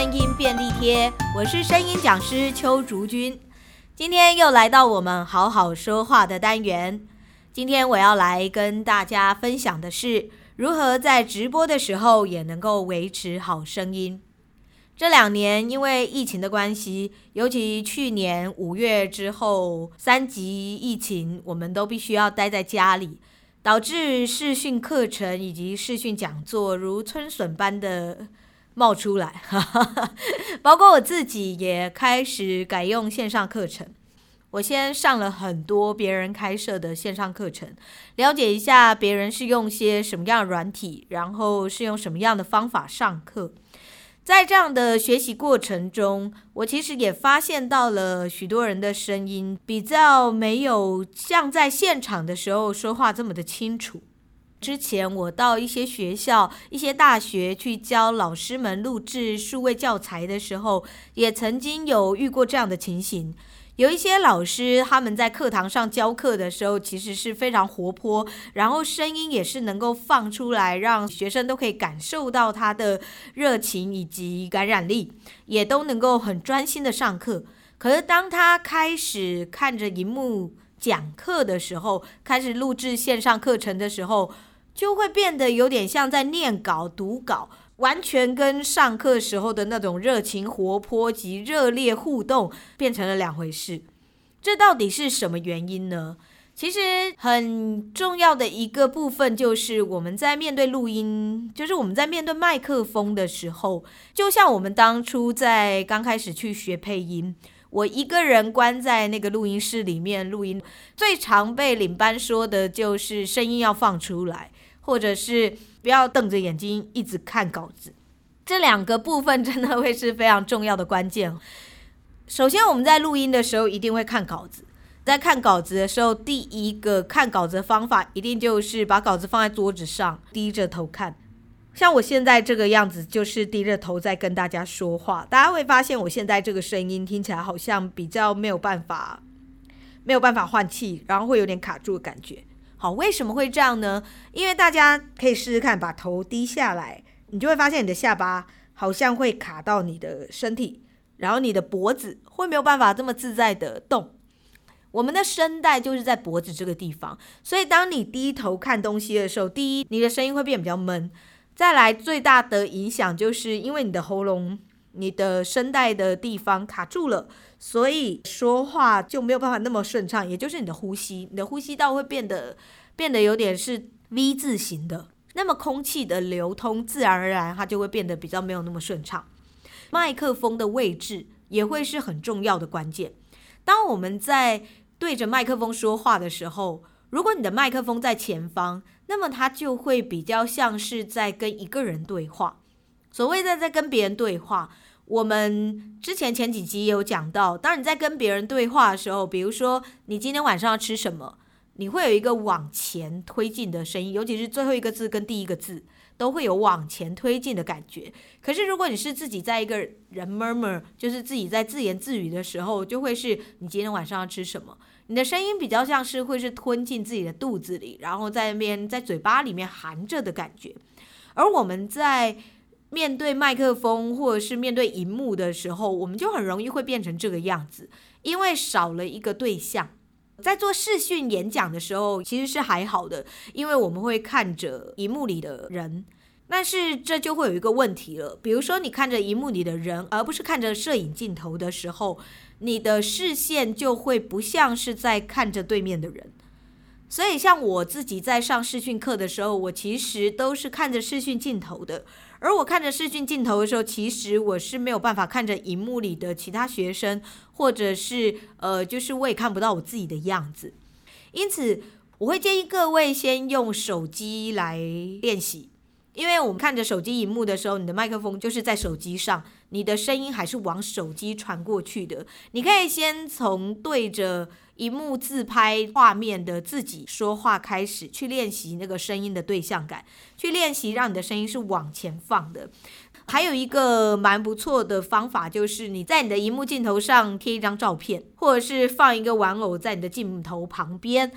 聲音便利貼，我是聲音講師邱竹君，今天又來到我們好好說話的單元。今天我要來跟大家分享的是如何在直播的時候也能夠維持好聲音。這兩年因為疫情的關係，尤其去年五月之後三級疫情，我們都必須要待在家裡，導致視訊課程以及視訊講座如春筍般的冒出來哈哈，包括我自己也開始改用線上課程。我先上了很多別人開設的線上課程，了解一下別人是用些什麼樣的軟體，然後是用什麼樣的方法上課。在這樣的學習過程中，我其實也發現到了許多人的聲音比較沒有像在現場的時候說話這麼的清楚。之前我到一些學校、一些大學去教老師們錄製數位教材的時候，也曾經有遇過這樣的情形。有一些老師他們在課堂上教課的時候，其實是非常活潑，然後聲音也是能夠放出來，讓學生都可以感受到他的熱情以及感染力，也都能夠很專心的上課。可是當他開始看着熒幕講課的時候，開始錄製線上課程的時候，就會變得有點像在念稿、讀稿，完全跟上課時候的那種熱情、活潑及熱烈互動變成了兩回事。這到底是什麼原因呢？其實很重要的一個部分就是我們在面對錄音，就是我們在面對麥克風的時候，就像我們當初在剛開始去學配音，我一個人關在那個錄音室裡面錄音，最常被領班說的就是聲音要放出來。或者是不要瞪着眼睛一直看稿子，這兩個部分真的會是非常重要的關鍵。首先，我們在錄音的時候一定會看稿子，在看稿子的時候，第一個看稿子的方法一定就是把稿子放在桌子上，低着頭看。像我現在這個樣子，就是低着頭在跟大家說話。大家會發現我現在這個聲音聽起來好像比較沒有辦法，沒有辦法換氣，然後會有點卡住的感覺。好，為什麼會這樣呢？因為大家可以試試看，把頭低下來，你就會發現你的下巴好像會卡到你的身體，然後你的脖子會沒有辦法這麼自在的動。我們的聲帶就是在脖子這個地方，所以當你低頭看東西的時候，第一，你的聲音會變比較悶，再來，最大的影響就是因為你的喉嚨。你的聲帶的地方卡住了，所以說話就沒有辦法那麼順暢。也就是你的呼吸，你的呼吸道會變得變得有點是 V 字形的，那麼空氣的流通自然而然它就會變得比較沒有那麼順暢。麥克風的位置也會是很重要的關鍵。當我們在對着麥克風說話的時候，如果你的麥克風在前方，那麼它就會比較像是在跟一個人對話，所謂在在跟別人對話。我們之前前幾集也有講到，當你在跟別人對話的時候，比如說你今天晚上要吃什麼，你會有一個往前推進的聲音，尤其是最後一個字跟第一個字都會有往前推進的感覺。可是如果你是自己在一個人 murmur，就是自己在自言自語的時候，就會是你今天晚上要吃什麼，你的聲音比較像是會是吞進自己的肚子裡，然後在那邊在嘴巴裡面含着的感覺。而我們在面對麥克風或者是面對熒幕的時候，我們就很容易會變成這個樣子，因為少了一個對象。在做視訊演講的時候，其實是還好的，因為我們會看着熒幕裡的人。但是這就會有一個問題了，比如說你看着熒幕裡的人，而不是看着攝影鏡頭的時候，你的視線就會不像是在看着對面的人。所以，像我自己在上視訊課的時候，我其實都是看着視訊鏡頭的。而我看着視訊鏡頭的時候，其實我是沒有辦法看着熒幕裡的其他學生，或者是呃，就是我也看不到我自己的樣子。因此，我會建議各位先用手機來練習，因為我們看着手機熒幕的時候，你的麥克風就是在手機上，你的聲音還是往手機傳過去的。你可以先從對着。熒幕自拍畫面的自己說話開始去練習那個聲音的對象感，去練習讓你的聲音是往前放的。還有一個蠻不錯的方法，就是你在你的熒幕鏡頭上貼一張照片，或者是放一個玩偶在你的鏡頭旁邊。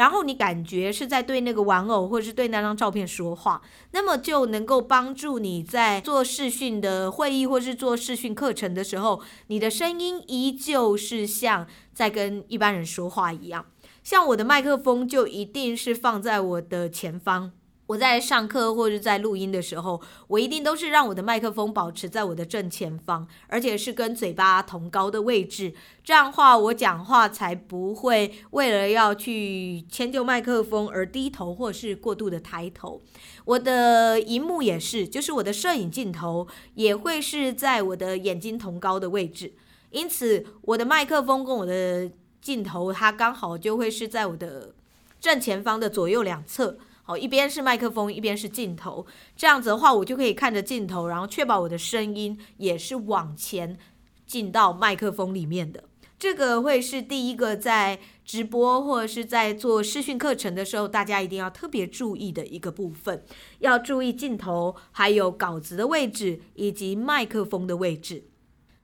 然後你感覺是在對那個玩偶或者是對那張照片說話，那麼就能夠幫助你在做視訊的會議或是做視訊課程的時候，你的聲音依舊是像在跟一般人說話一樣。像我的麥克風就一定是放在我的前方。我在上課或者在錄音的時候，我一定都是讓我的麥克風保持在我的正前方，而且是跟嘴巴同高的位置。這樣話，我講話才不會為了要去遷就麥克風而低頭，或是過度的抬頭。我的熒幕也是，就是我的攝影鏡頭也會是在我的眼睛同高的位置，因此我的麥克風跟我的鏡頭，它剛好就會是在我的正前方的左右兩側。一邊是麥克風，一邊是鏡頭，這樣子的話，我就可以看着鏡頭，然後確保我的聲音也是往前進到麥克風裡面的。這個會是第一個在直播或者是在做視訊課程的時候，大家一定要特別注意的一個部分，要注意鏡頭，還有稿子的位置，以及麥克風的位置。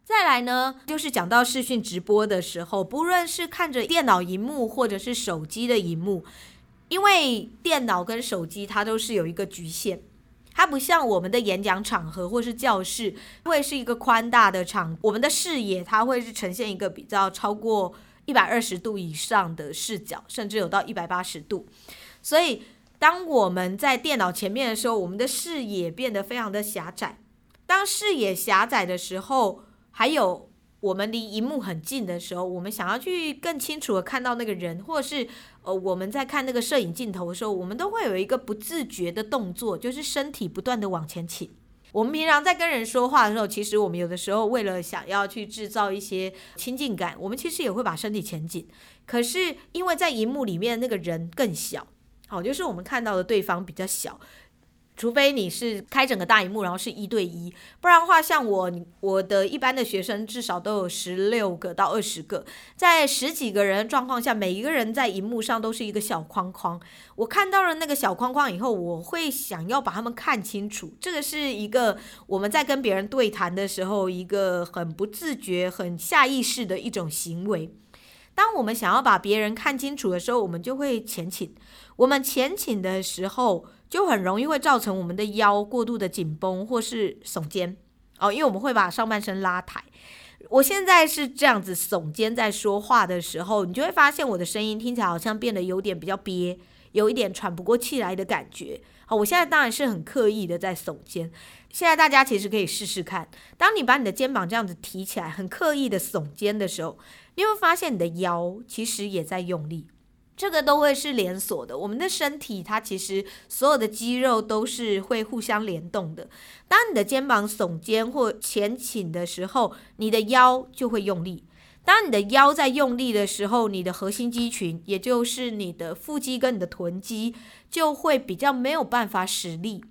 再來呢，就是講到視訊直播的時候，不論是看着電腦熒幕，或者是手機的熒幕。因為電腦跟手機它都是有一個侷限，它不像我們的演講場合或是教室，會是一個寬大的場，我們的視野它會是呈現一個比較超過一百二十度以上的視角，甚至有到一百八十度。所以當我們在電腦前面的時候，我們的視野變得非常的狹窄。當視野狹窄的時候，還有。我們離熒幕很近的時候，我們想要去更清楚的看到那個人，或者是呃我們在看那個攝影鏡頭的時候，我們都會有一個不自覺的動作，就是身體不斷的往前傾。我們平常在跟人說話的時候，其實我們有的時候為了想要去制造一些親近感，我們其實也會把身體前傾。可是因為在熒幕裡面那個人更小，好，哦，就是我們看到的對方比較小。除非你是開整個大熒幕，然後是一對一，不然的話，像我，我的一般的學生至少都有十六個到二十個，在十幾個人的狀況下，每一個人在熒幕上都是一個小框框。我看到了那個小框框以後，我會想要把他們看清楚。這個是一個我們在跟別人對談的時候，一個很不自覺、很下意識的一種行為。當我們想要把別人看清楚的時候，我們就會前傾。我們前傾的時候，就很容易會造成我們的腰過度的緊繃，或是聳肩哦，因為我們會把上半身拉抬。我現在是這樣子聳肩在說話的時候，你就會發現我的聲音聽起來好像變得有點比較憋，有一點喘不過氣來的感覺。好，我現在當然是很刻意的在聳肩。現在大家其實可以試試看，當你把你的肩膀這樣子提起來，很刻意的聳肩的時候，你會發現你的腰其實也在用力。這個都會是連鎖的。我們的身體它其實所有的肌肉都是會互相聯動的。當你的肩膀聳肩或前傾的時候，你的腰就會用力。當你的腰在用力的時候，你的核心肌群，也就是你的腹肌跟你的臀肌，就會比較沒有辦法使力。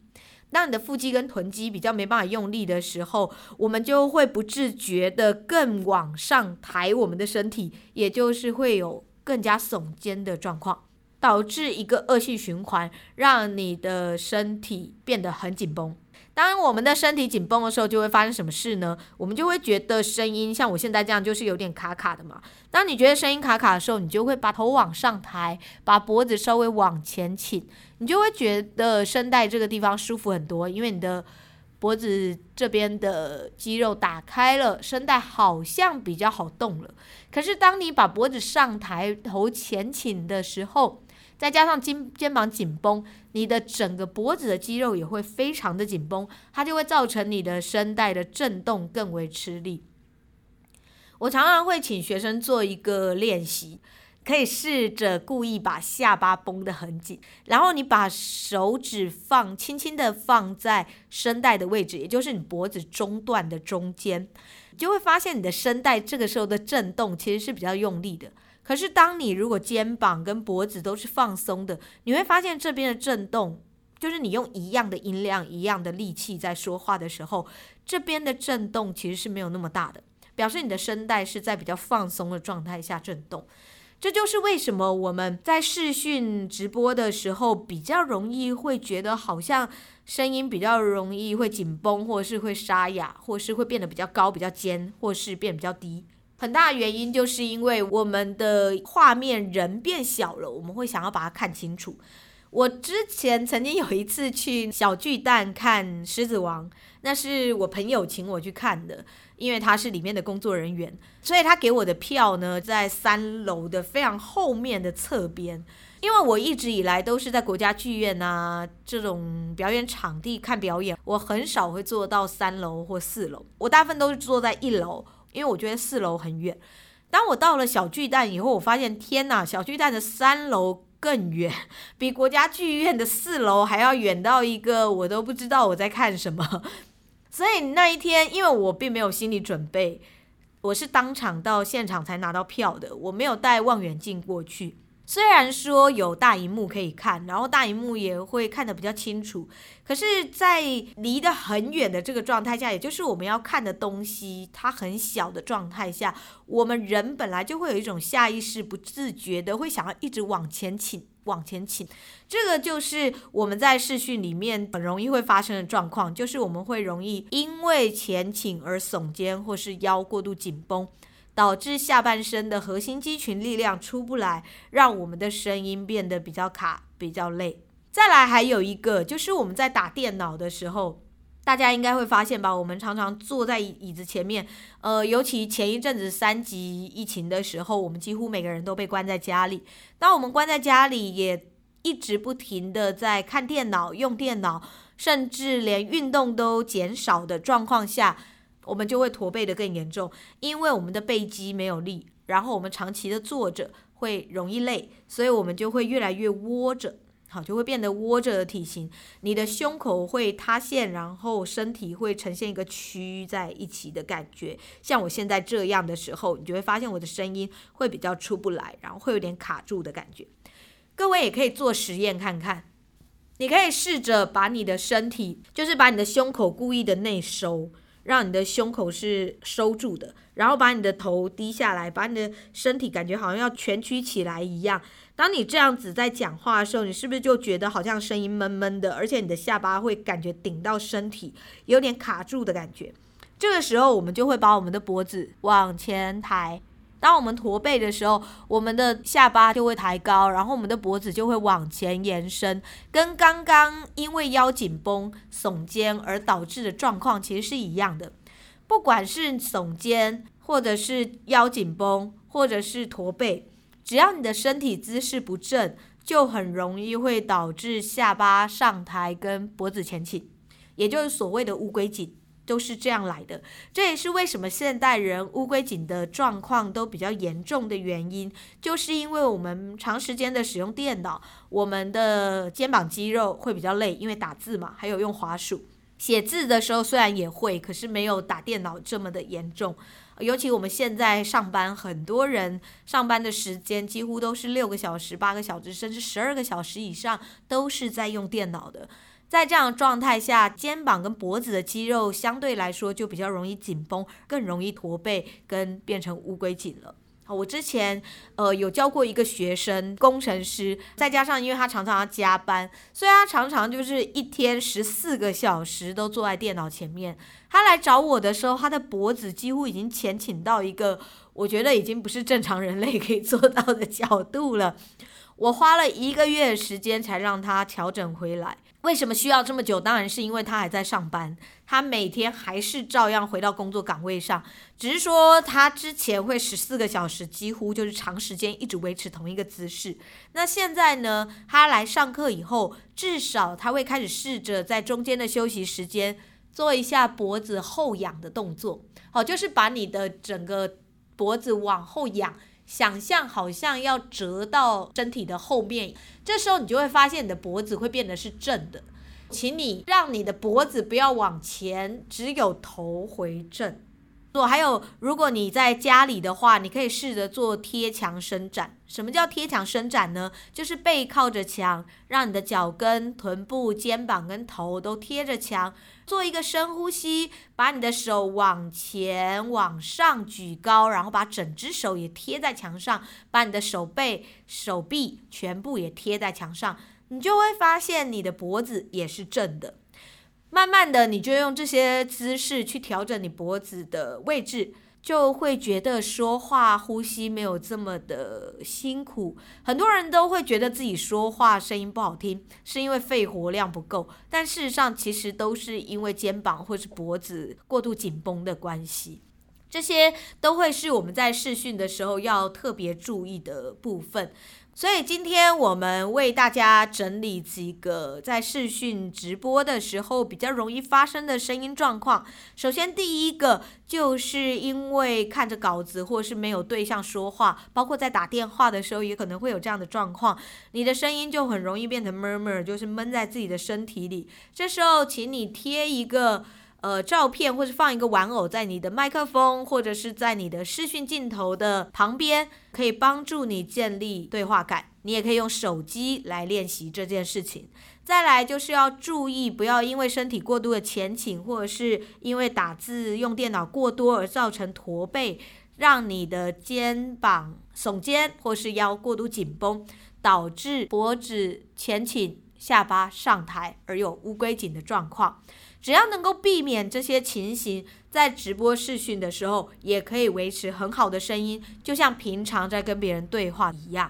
當你的腹肌跟臀肌比較沒辦法用力的時候，我們就會不自覺地更往上抬我們的身體，也就是會有。更加聳肩的狀況，導致一個惡性循環，讓你的身體變得很緊繃。當我們的身體緊繃的時候，就會發生什麼事呢？我們就會覺得聲音像我現在這樣，就是有點卡卡的嘛。當你覺得聲音卡卡的時候，你就會把頭往上抬，把脖子稍微往前傾，你就會覺得聲帶這個地方舒服很多，因為你的。脖子這邊的肌肉打開了，聲帶好像比較好動了。可是當你把脖子上抬、頭前傾的時候，再加上肩肩膀緊繃，你的整個脖子的肌肉也會非常的緊繃，它就會造成你的聲帶的震動更為吃力。我常常會請學生做一個練習。可以試着故意把下巴繃得很緊，然後你把手指放，輕輕的放在聲帶的位置，也就是你脖子中段的中間，你就會發現你的聲帶這個時候的震動其實是比較用力的。可是當你如果肩膀跟脖子都是放鬆的，你會發現這邊的震動，就是你用一樣的音量、一樣的力氣在說話的時候，這邊的震動其實是沒有那麼大的，表示你的聲帶是在比較放鬆的狀態下震動。這就是為什麼我們在視訊直播的時候，比較容易會覺得好像聲音比較容易會緊繃，或是會沙啞，或是會變得比較高、比較尖，或是變比較低。很大原因就是因為我們的畫面人變小了，我們會想要把它看清楚。我之前曾經有一次去小巨蛋看《獅子王》，那是我朋友請我去看的，因為他是裡面的工作人員，所以他給我的票呢，在三樓的非常後面的側邊。因為我一直以來都是在國家劇院啊這種表演場地看表演，我很少會坐到三樓或四樓，我大部分都是坐在一樓，因為我覺得四樓很遠。當我到了小巨蛋以後，我發現天哪，小巨蛋的三樓。更遠，比國家劇院的四樓還要遠到一個我都不知道我在看什麼。所以那一天，因為我並沒有心理準備，我是當場到現場才拿到票的，我沒有帶望遠鏡過去。雖然說有大熒幕可以看，然後大熒幕也會看得比較清楚，可是，在離得很遠的這個狀態下，也就是我們要看的東西它很小的狀態下，我們人本來就會有一種下意識、不自覺的會想要一直往前傾、往前傾。這個就是我們在視訊裡面很容易會發生的狀況，就是我們會容易因為前傾而聳肩，或是腰過度緊繃。導致下半身的核心肌群力量出不來，讓我們的聲音變得比較卡、比較累。再來，還有一個就是我們在打電腦的時候，大家應該會發現吧？我們常常坐在椅子前面，呃，尤其前一陣子三級疫情的時候，我們幾乎每個人都被關在家裡。當我們關在家裡，也一直不停地在看電腦、用電腦，甚至連運動都減少的狀況下。我們就會駝背的更嚴重，因為我們的背肌沒有力，然後我們長期的坐着會容易累，所以我們就會越來越窩着，好，就會變得窩着的體型。你的胸口會塌陷，然後身體會呈現一個曲在一起的感覺。像我現在這樣的時候，你就會發現我的聲音會比較出不來，然後會有點卡住的感覺。各位也可以做實驗看看，你可以試着把你的身體，就是把你的胸口故意的內收。讓你的胸口是收住的，然後把你的頭低下來，把你的身體感覺好像要蜷曲起來一樣。當你這樣子在講話的時候，你是不是就覺得好像聲音悶悶的，而且你的下巴會感覺頂到身體，有點卡住的感覺？這個時候，我們就會把我們的脖子往前抬。當我們駝背的時候，我們的下巴就會抬高，然後我們的脖子就會往前延伸，跟剛剛因為腰緊繃、聳肩而導致的狀況其實是一樣的。不管是聳肩，或者是腰緊繃，或者是駝背，只要你的身體姿勢不正，就很容易會導致下巴上抬跟脖子前傾，也就是所謂的烏龜頸。都是這樣來的，這也是為什麼現代人烏龜頸的狀況都比較嚴重的原因，就是因為我們長時間的使用電腦，我們的肩膀肌肉會比較累，因為打字嘛，還有用滑鼠。寫字的時候雖然也會，可是沒有打電腦這麼的嚴重。尤其我們現在上班，很多人上班的時間幾乎都是六個小時、八個小時，甚至十二個小時以上，都是在用電腦的。在這樣的狀態下，肩膀跟脖子的肌肉相對來說就比較容易緊繃，更容易駝背跟變成烏龜頸了。好，我之前呃有教過一個學生，工程師，再加上因為他常常要加班，所以他常常就是一天十四個小時都坐在電腦前面。他來找我的時候，他的脖子幾乎已經前傾到一個我覺得已經不是正常人類可以做到的角度了。我花了一個月的時間才讓他調整回來。為什麼需要這麼久？當然是因為他還在上班，他每天還是照樣回到工作崗位上，只是說他之前會十四個小時，幾乎就是長時間一直維持同一個姿勢。那現在呢，他來上課以後，至少他會開始試着在中間的休息時間做一下脖子後仰的動作，好，就是把你的整個脖子往後仰。想象好像要折到身體的後面，這時候你就會發現你的脖子會變得是正的，請你讓你的脖子不要往前，只有頭回正。做，還有，如果你在家裡的話，你可以試着做貼牆伸展。什麼叫貼牆伸展呢？就是背靠着牆，讓你的腳跟、臀部、肩膀跟頭都貼着牆，做一個深呼吸，把你的手往前往上舉高，然後把整隻手也貼在牆上，把你的手背、手臂全部也貼在牆上，你就會發現你的脖子也是正的。慢慢的，你就用這些姿勢去調整你脖子的位置，就會覺得說話、呼吸沒有這麼的辛苦。很多人都會覺得自己說話聲音不好聽，是因為肺活量不夠，但事實上其實都是因為肩膀或是脖子過度緊繃的關係。這些都會是我們在視訊的時候要特別注意的部分。所以今天我們為大家整理幾個在視訊直播的時候比較容易發生的聲音狀況。首先，第一個就是因為看着稿子或是沒有對象說話，包括在打電話的時候也可能會有這樣的狀況，你的聲音就很容易變成 murmur，就是悶在自己的身體裡。這時候，請你貼一個。呃，照片或是放一個玩偶在你的麥克風，或者是在你的視訊鏡頭的旁邊，可以幫助你建立對話感。你也可以用手機來練習這件事情。再來就是要注意，不要因為身體過度的前傾，或者是因為打字用電腦過多而造成駝背，讓你的肩膀聳肩，或是腰過度緊繃，導致脖子前傾、下巴上抬而有烏龜頸的狀況。只要能夠避免這些情形，在直播視訊的時候，也可以維持很好的聲音，就像平常在跟別人對話一樣。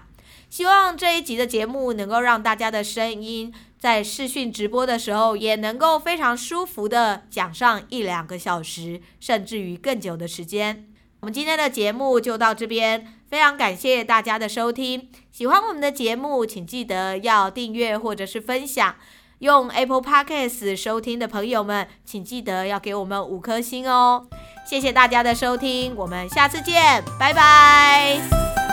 希望這一集的節目能夠讓大家的聲音在視訊直播的時候，也能夠非常舒服的講上一兩個小時，甚至於更久的時間。我們今天的節目就到這邊，非常感謝大家的收聽。喜歡我們的節目，請記得要訂閱或者是分享。用 Apple Podcast 收聽的朋友們，請記得要給我們五顆星哦。謝謝大家的收聽，我們下次見，拜拜。